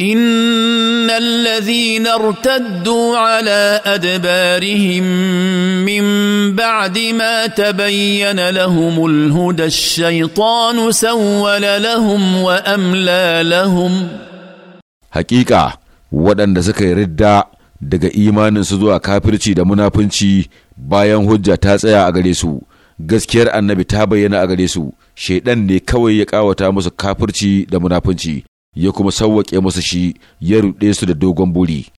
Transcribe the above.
ان الذين ارتدوا على ادبارهم من بعد ما تبين لهم الهدى الشيطان سول لهم واملى لهم حقيقه waɗanda suka yi ridda daga imaninsu zuwa kafirci da munafunci bayan hujja ta tsaya a gare su gaskiyar annabi ta bayyana a gare su shaidan ne kawai ya ƙawata musu kafirci da munafunci ya kuma sawwaƙe musu shi ya ruɗe su da dogon buri